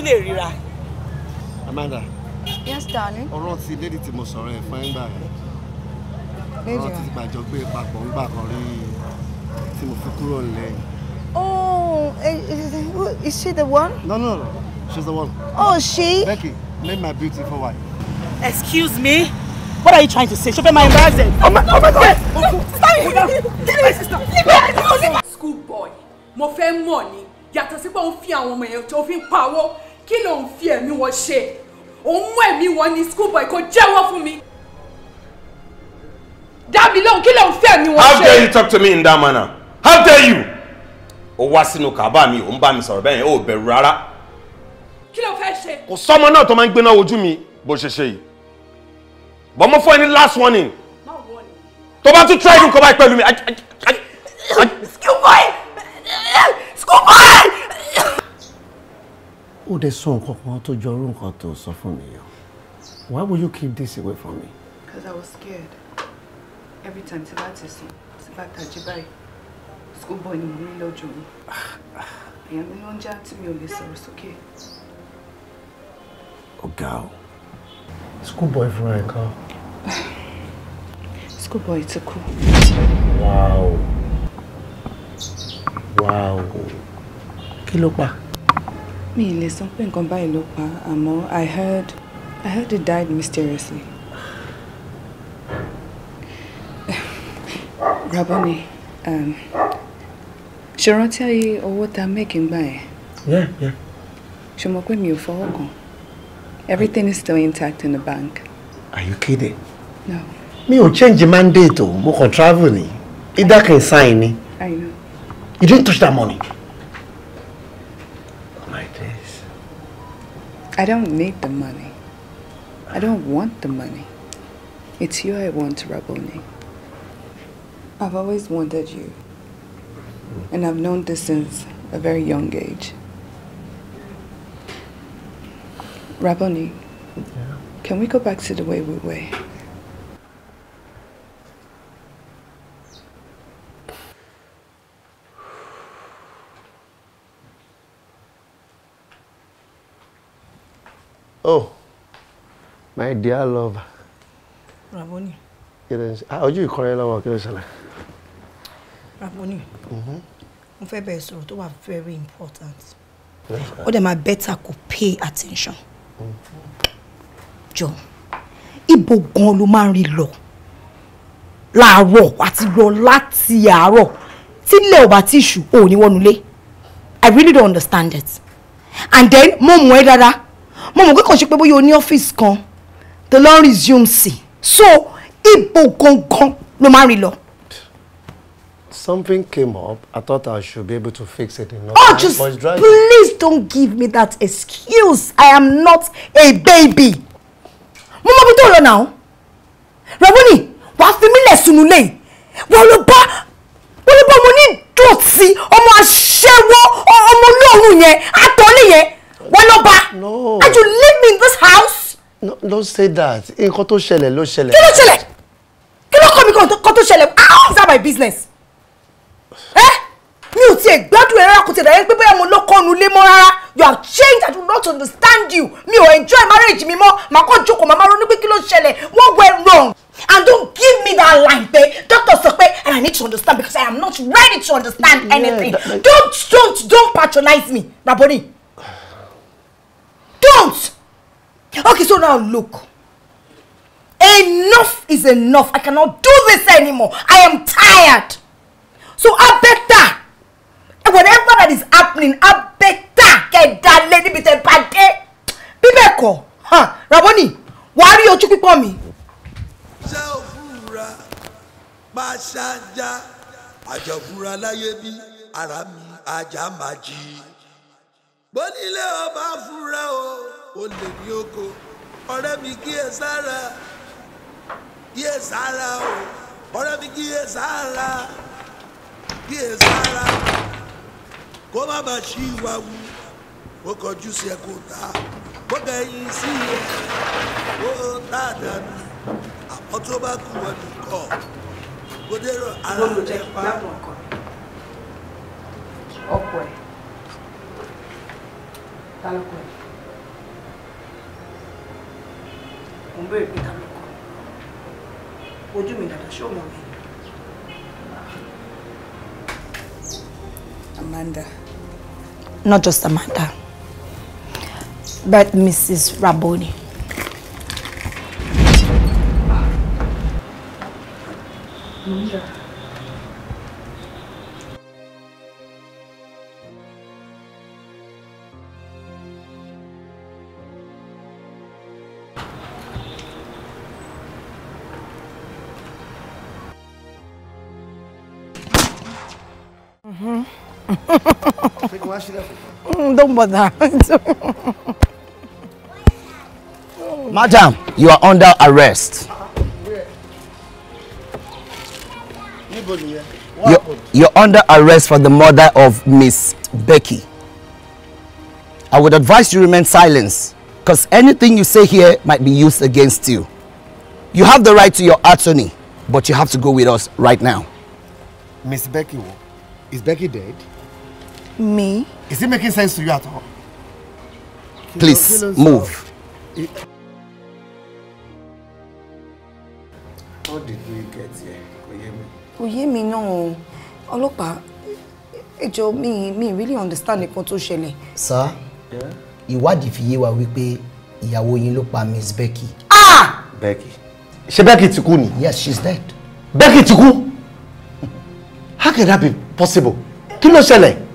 lè ríra. Amanda. Yes, darling. ọ̀rọ̀ ti lady tí mo sọ̀rọ̀ ẹ̀ fún ẹ̀ngbà rẹ̀ ọ̀rọ̀ ti gbàjọ gbé papọ̀ ńgbà kan rí tí mo fi kúrò lẹ́yìn. Oh, eh, eh, is she the one? No, no, no. She's the one. Oh, she? Becky, name my beautiful wife. Excuse me? What are you trying to say? Show me my embarrassment. Oh my, oh my God! Oh, oh, Get my sister! Leave me! School boy, mo fẹ́ mọ̀ ni, yàtọ̀ sí pé òun fi àwọn ọmọ yẹn tó fi ń pawó kí ló ń fi ẹ̀mí wọn ṣe òun mú ẹ̀mí wọn ní school boy kò jẹ́wọ́ fún mi. dábì lóhùn kí ló ń fi ẹ̀mí wọn ṣe. how dare you talk to me in that manner how dare you. ó wá sínú kàbá mi ò ń bá mi sọ̀rọ̀ bẹ́ẹ̀ ò bẹ̀rù rárá. kí ló fẹ́ ṣe. kò sọ́mọ náà tó máa ń gbéná ojú mi bó ṣe ṣe yìí but mo fún ẹ last warning tó bá tún try irú nǹkan báyìí pẹ̀lú mi. school boy school boy ó dẹ̀ sọ nǹkan kan tó jọ orú nǹkan tó mi yàn why would you keep this away from me. because i was scared every time tí bá ti sùn tí bá tají báyìí school boy ni mo rí lọ́jọ́ mi èèyàn mi ló ń já tí mi ò lè sọ̀rọ̀ sókè. ọ̀gá o. school boy fúnra ẹ̀ kan. school boy ti kú. wow wow kí ló pa. Me, ì lè sọ pé nǹkan báyìí ló pa àmọ́ I heard I heard he died mysteriously. Raboni, um, ṣe rántí ayé owó ta mẹ́kì ń gbà yẹn? Yeah, yeah. Ṣé mo pé mi ò fọwọ́ kàn? Everything is still intact in the bank. Are you kidding? No. Mi ò change mandate o, mo kàn travel ni. Either can sign ni. I know. You didn't touch that money. I don't need the money. I don't want the money. It's you I want, Raboni. I've always wanted you. And I've known this since a very young age. Raboni, yeah. can we go back to the way we were? oh my dear love. lover. Raboni. Ah, ojú you lọ́wọ́ kí ló ṣẹlẹ̀. Raboni. Mm-hmm. mo fẹ́ bẹ̀rẹ̀ sọ̀rọ̀ tó wà very important. ó dẹ̀ máa better kó pay attention. Mm-hmm. Joe, ibo gan ló máa ń rí lọ láàárọ̀ àti lọ láti àárọ̀ tílẹ̀ ò bá tí ì ṣù ò i really don't understand it and then mo mọ̀ ẹ́ dáadáa mo mọ̀ pé kàn ṣe pé bóyá o ní ọ́fíìsì kan the law resumes sí so ibo gangan ló máa rí lọ. Something came up. I thought I should be able to fix it in no Oh, just please don't give me that excuse. I am not a baby. Mo mọ̀ bí tó lọ náà. Raboni, wàá fi mí lẹ̀ sùnú lé. Wọ́n ló bá wọ́n ló bá ọmọ onídọ̀tí ọmọ aṣẹ́wó ọmọ olóòórùn yẹn àtọ́lé yẹn wọ́n ló bá and you leave me in this house. no don't say that nǹkan tó ṣẹlẹ̀ ló ṣẹlẹ̀. kí ló ṣẹlẹ̀ kí ló kọ́ mi kan tó ṣẹlẹ̀ how is that my business. Eh? mi ò tiẹ̀ gbádùn ẹ̀rọ kò tẹ̀lé pé bóyá mo ló kọ́nu lé mọ́ rárá you have changed I do not understand you mi ò enjoy marriage mi mọ́ màá kọ́ jókòó màmá ronú pé kí ló ṣẹlẹ̀ what went wrong and don't give me that line pé doctor sọ pé and I need to understand because I am not ready to understand anything yeah, that, that, don't don't don't patronize me Raboni. don't! Okay, so now look. Enough is enough. I cannot do this anymore. I am tired. So I better. Whatever that is happening, I better get that lady with a bad day. huh? Raboni, why are you pípọ́n mi. Ṣé o fura Ajafura la yebi. Arami. Ajamaji. bónílé ọba fúnra o olè ní oko ọ̀rẹ́ mi kí ẹ sára kí ẹ sára o ọ̀rẹ́ mi kí ẹ sára kí ẹ sára kó má bàa ṣí ìwà wù ó kọjú sí ẹ kó ta ó kẹyìn sí ẹ ó tá a dànù àmọ́ tó bá kú wọn nìkọ́ kó dé ara rẹ pa. olùjẹ́ lábọ̀ ta ẹ mo ń béèrè pé ta ojú mi dàda ṣé o mọ̀ mi. Amanda. Not just Amanda, but Mrs. Raboni. Ah. Mm -hmm. má ṣílẹ̀ don't bother. madam you are under arrest. You're, you're under arrest for the murder of Miss Becky. I would advise you remain silent because anything you say here might be used against you. You have the right to your attorney, but you have to go with us right now. Miss Becky, is Becky dead? Me? Is it making sense to you at all? Please, move. How did we get here? Oyemi. Oyemi náà ọlọ́pàá ẹjọ́ me. Me really understand nǹkan tó ṣẹlẹ̀. Sá, ìwádìí fi yé wa wípé ìyàwó yín ló pa Miss Becky. Ah! Becky. Ṣé Becky ti kú ni? Yes, she's dead. Becky Tiku. How can that be possible? Kí ló ṣẹlẹ̀?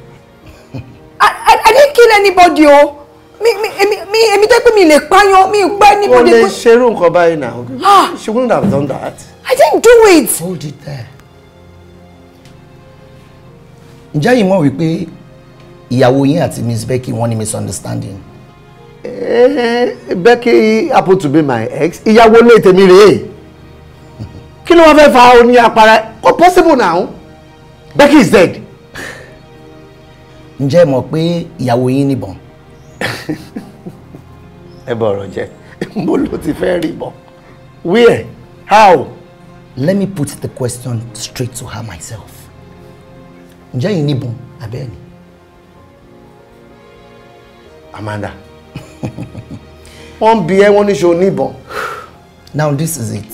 I didn't kill anybody oh. Me, me, me, èmi jẹ́ pé mi lè pààyàn mi pa anybody. wọ́n lè ṣerú nǹkan báyìí ah! she wouldn't have done that. I didn't do it. hold it there. ǹjẹ́ yìí mọ̀ wípé ìyàwó yín àti miss Becky wọ́n ní misunderstanding. Eh, Becky happen to be my ex ìyàwó lè tèmi rèé kí ló wá fẹ́ fa oní apara kò possible now Becky is dead ǹjẹ́ mọ̀ pé ìyàwó yín níbọn. ẹ bọ̀ ọ̀rọ̀ jẹ́ mo ló ti fẹ́ rí bọ̀ where how. let me put the question straight to her myself ǹjẹ́ yín níbọn abẹ́ ni. Amanda wọ́n bi ẹ́ wọ́n ní ṣe oníbọn. now this is it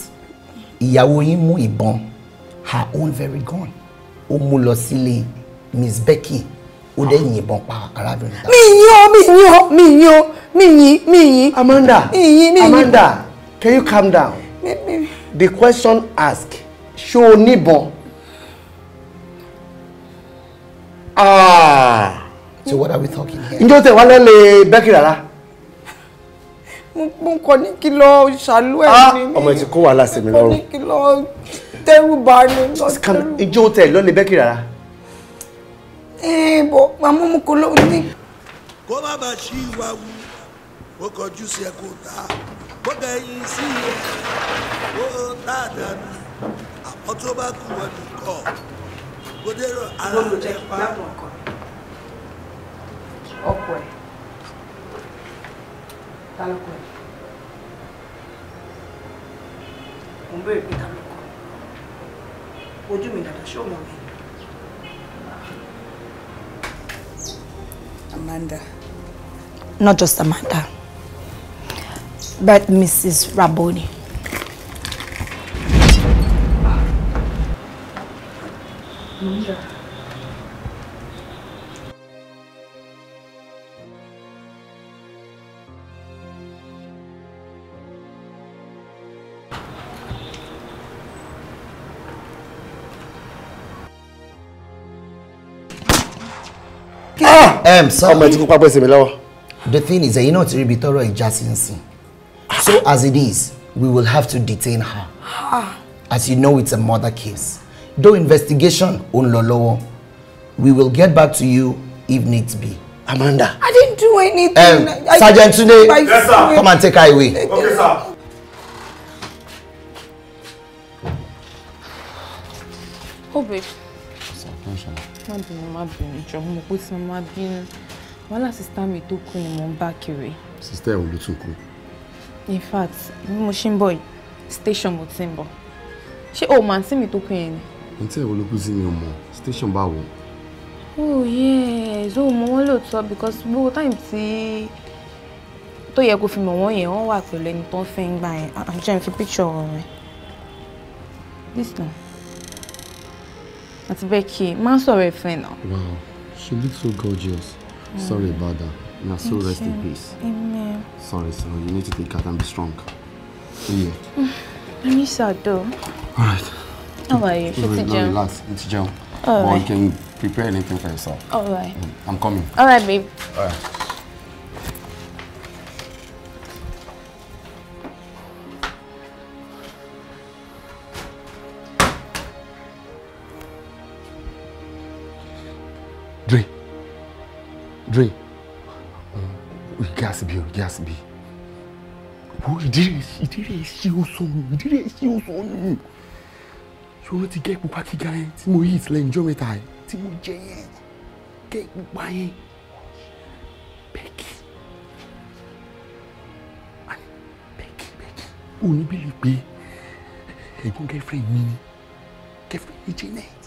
ìyàwó yín mú ìbọn her own very gun ó mú lọ sílé Miss Becky ó dẹ̀ yìnbọn pa arábìnrin ta. mi yín o mi yín o mi yín o mi yín mi yín. Amanda mi yín mi yín. Amanda can you calm down the question ask ṣé o níbọn. Ah. So what are we talking here? Njọ́ tẹ̀ wá lẹ́lẹ̀ Bẹ́kì rárá. Mo ń kọ́ ní kí lọ ṣàlú ẹ̀ ah, ní mi. Ọmọ ẹ̀ ti kó wàhálà sí mi lọ́rùn. Mo ń ní kí lọ tẹ́rù bá ní. Ijó tẹ̀ lọ́lẹ̀ Bẹ́kì rárá ẹ bọ màmú mu kò ló ní. kó má bàa ṣí ìwà wù kó kọjú sí ẹ kó ta kó kẹyìn sí ẹ kó tá a dànù àmọ́ tó bá kú wọn nìkọ́ kó dérò ara rẹ pa. ọkọ ẹ ta lọkọ ẹ mo ń bèrè pé ta lọkọ ojú mi dàda ṣé o mọ mi. Amanda? Not just Amanda, but Mrs. Raboni. Mother. Um, ọmọ ẹ ti kú pápẹ́ mi lọ́wọ́. the thing is ẹ̀yin náà ti rí ibi tọ́rọ̀ ìjà sí ń so ah. as it is we will have to detain her ah. as you know it's a murder case though investigation ò ń lọ lọ́wọ́ we will get back to you if needs be. Amanda. I didn't do anything. Um, Sergeant Tunde, yes, sir. come and take her away. Okay, sir. Oh, babe má bínú má bínú jọ mo pé tí mo má bínú wàhálà sísá mi tó kú ni mò ń bá kiri. sísá ẹ̀ olú tún kú. in fact bí mo ṣe ń bọ̀ yìí station mo ti ń bọ̀ ṣé o mọ àǹtí mi tó kú yẹn ni. àǹtí ẹ̀ olókùn sí mi ò mọ̀ station báwo. oh yes o mọ wọn lóòótọ́ because gbogbo time tí tó yẹ kó fi mọ̀ wọ́n yẹn wọ́n wà pẹ̀lú ẹni tó ń fẹ́ ń gbà yẹn àjẹ́ fi picture ọ̀rọ̀ rẹ̀ this time. That's Becky má sọ̀rọ̀ ẹ̀fẹ̀ náà. wow she looks so gorgeous mm. sorry about that na so okay. rest in peace amen sorry so you need to take care and be strong yeah. Mm, I miss her though. right. how are you ṣe ti jẹun. no relax it's jẹun. alright but you can prepare anything for yourself. alright. Mm, I'm coming. alright babe. alright. Yasbi. Wo ìdílé ìdílé sí oṣù mi ìdílé sí oṣù mi. Ṣé wọ́n ti gẹ́ pupa kíga yẹn tí mo yìí tilẹ̀ ìjọ mẹ́ta yẹn tí mo jẹ yẹn gẹ́ pupa yẹn. Bẹ́ẹ̀kì. Bẹ́ẹ̀kì bẹ́ẹ̀kì. O ní bí lè pé ẹ̀gbọ́n gẹ́fẹ́ mi ni gẹ́fẹ́ mi Janet.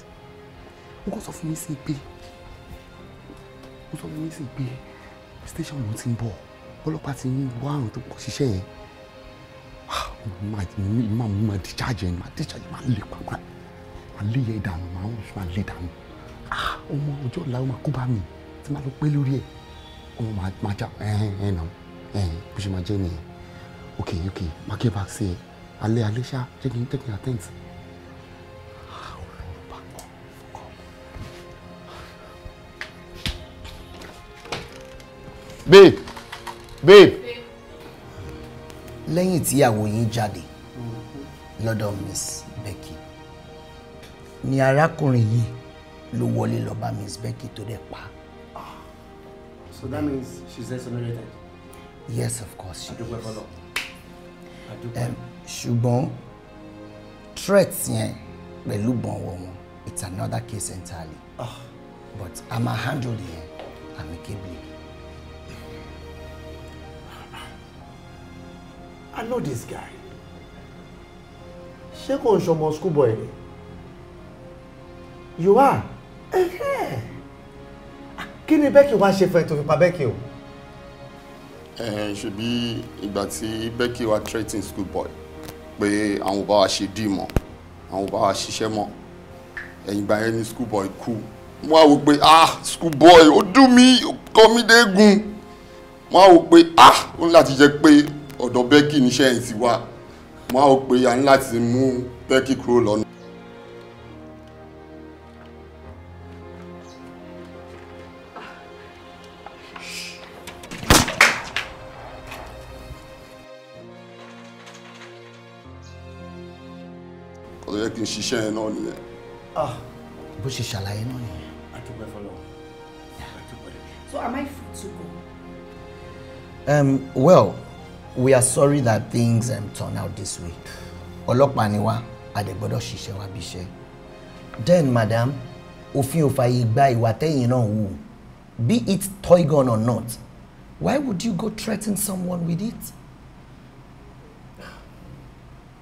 Ó kàn sọ fún mi sí pé ó sọ fún mi sí pé station ló ti ń bọ̀ bọ́lọ́pàá ti ń wá àwọn tó kọ́ ṣiṣẹ́ yẹn ah, máa mú máa discharge yẹn máa discharge máa lè pàpà máa lè yẹ ìdààmú máa ń sùn máa lè dànù ah, ọmọ ọjọ́ ọ̀la ọmọ kó bá mi tí máa lọ pé lórí ẹ̀ ọmọ máa já ẹ̀hìn ẹ̀hìn náà bó ṣe máa jẹ́ nìyẹn ok ok máa kí ẹ bá ṣe ẹ alẹ́ alẹ́ ṣá jẹ́ kí n jẹ́ n attend. babe babe lẹ́yìn tí ìyàwó yín jáde lọ́dọ̀ miss Becky ni arákùnrin yìí ló wọlé lọ bá miss Becky tó dẹ̀ pa. so that means she's exonerated. yes of course she is. Um, ṣùgbọ́n threat yẹn pẹ̀lú bọ̀wọ̀ wọn it's another case entirely oh. but a máa handle the yẹn amicably. know this guy Shekon kò ń you are Eh? Ah, Kini Becky wa ṣe fẹ́ tó fi pa Becky o. ṣebí ìgbà tí Becky wá threatening school boy pé àwọn ò bá wa ṣe dì mọ́ àwọn ò bá wa ṣiṣẹ́ mo. ẹ̀yìn ìgbà yẹn ni school boy mo wá wò pé ah schoolboy boy ó dùn mí kọ́ mi dégun mo wá wò pé ah ó ní láti jẹ́ ọ̀dọ̀ bẹ́ẹ̀kì níṣẹ́ yìí ti wá wọn á pe ya ní láti mú bẹ́ẹ̀kì kúrò lọ́nà. kò yẹ kí n ṣiṣẹ́ yẹn náà nìyẹn. Ah, bó ṣe ṣàlàyé náà nìyẹn. so am I free to go. Um, well we are sorry that things um, turn out this way ọlọ́pàá ni wá a ṣiṣẹ́ wa bí iṣẹ́ then madam òfin ò fààyè gba ìwà tẹ́yìn náà wù be it toy gun or not why would you go threaten someone with it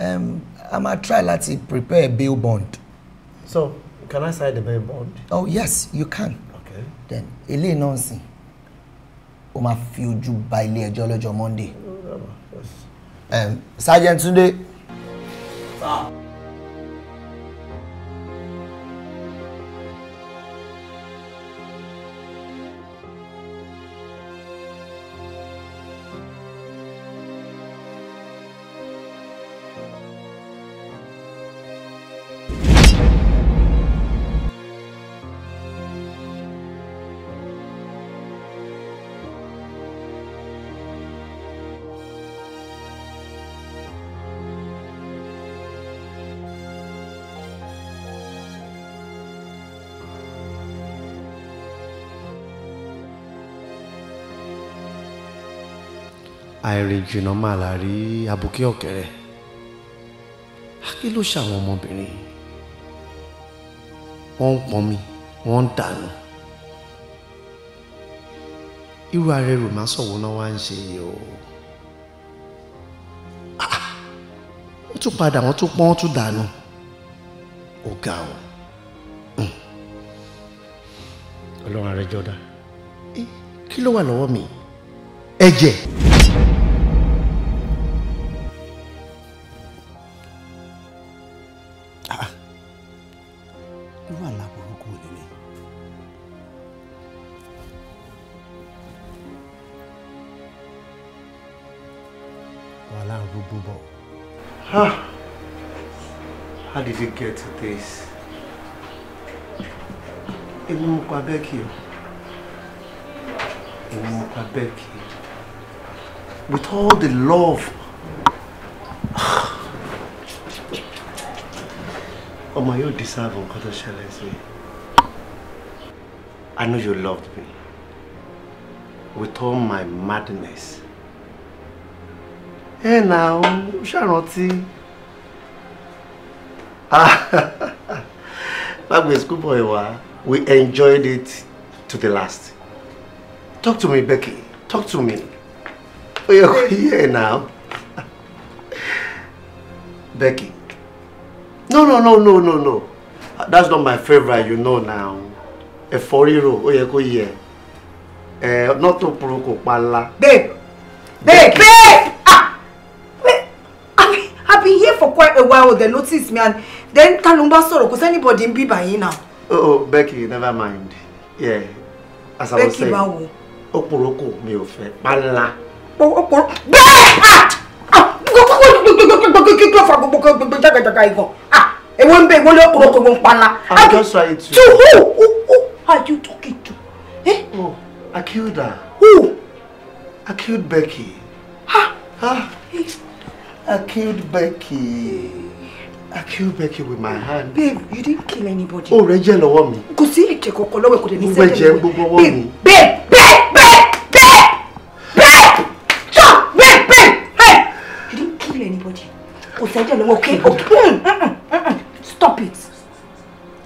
um, I'm a try láti prepare bail bond. so can I sign the bail bond. oh yes you can. okay then eléyìí náà sìn ó máa fi ojú ba ilé ẹjọ́ lọ́jọ́ Monday. Um, Sergeant Sunday. Ah. Sir. àìrìn jìnnà máa là rí abùké ọ̀kẹ́rẹ́ akí ló ṣàwọn ọmọbìnrin wọ́n ń pọnmi wọ́n ń dànù irú ààrẹ rùmásọ̀wọ́ náà wá ń ṣe yìí o wọ́n ah, tún padà wọ́n tún pọ́n wọ́n tún dànù ó ga o hmm. ọlọ́run àrẹjọ́ dá kí ló wà lọ́wọ́ mi ẹ̀jẹ̀. get to this. Èmi mo pa Becky o. Èmi mo pa With all the love. Ọmọ you deserve nǹkan tó I know you loved me. With all my madness. Ẹ nà ó see. Ah. lágbo good boy, we enjoyed it to the last talk to me Becky talk to me ó yẹ kó yẹ ẹ Becky no no no no no no that's not my favorite. you know now ẹ̀fọ́ rírò ó yẹ kó yẹ ẹ nọ́tò burúkú pa ńlá. babe babe. why would they notice me and then ta ló ń bá sọ̀rọ̀ kò sẹ́nibọ̀dì ń bíbà yín náà. oh oh Becky never mind yeah as i was saying Becky báwo. oporoko mi ò fẹ́ pálá. oporo bẹ́ẹ̀ ah gbogbo fa gbogbo gbogbo jagajaga igan ah èwo ń bẹ èwo lé oporoko gbogbo ń pálá. i'm just trying to. to who who who are you talking to. Eh? oh i killed her. who. i killed Becky. ha. Huh? Ah! ha. Huh? Eh, I killed Becky. I killed Becky with my hand. Babe, you didn't kill anybody. Oh, rẹ́jẹ̀ lọ́wọ́ mi. Kò sí ẹ̀jẹ̀ check lọ́wọ́ ẹ̀ kò dẹ̀ ní sẹ́jẹ̀ Babe, babe, babe, babe, babe, stop, babe, babe, You didn't kill anybody. Kò sẹ́jẹ̀ lọ́wọ́, okay, okay. Mm, mm, mm, stop it.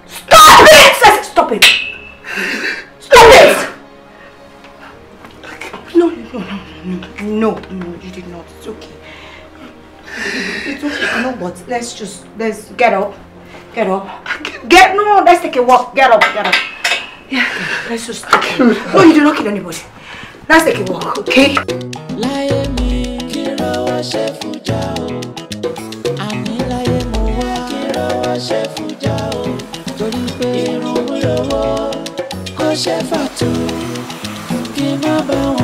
Stop it! I said stop it. Stop it! No, No, no, no, no, no, no, you did not. It's okay but let's just let's get up, get up, get no. Let's take a walk. Get up, get up. Yeah, let's just. Take a, no, you do not kill anybody. Let's take a walk, okay? ṣe fàtó kí n má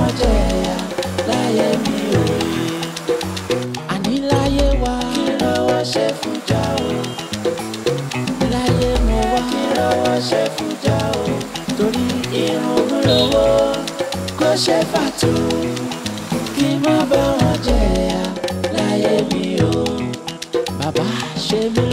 ṣe fàtó kí n má bá wọn jẹyà láyé mi o bàbá ṣe mí.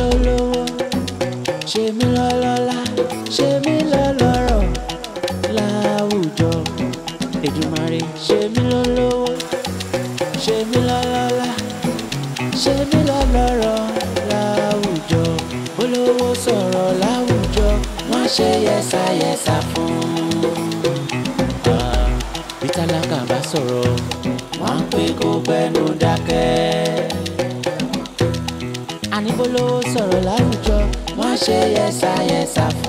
say yes, I, yes, I.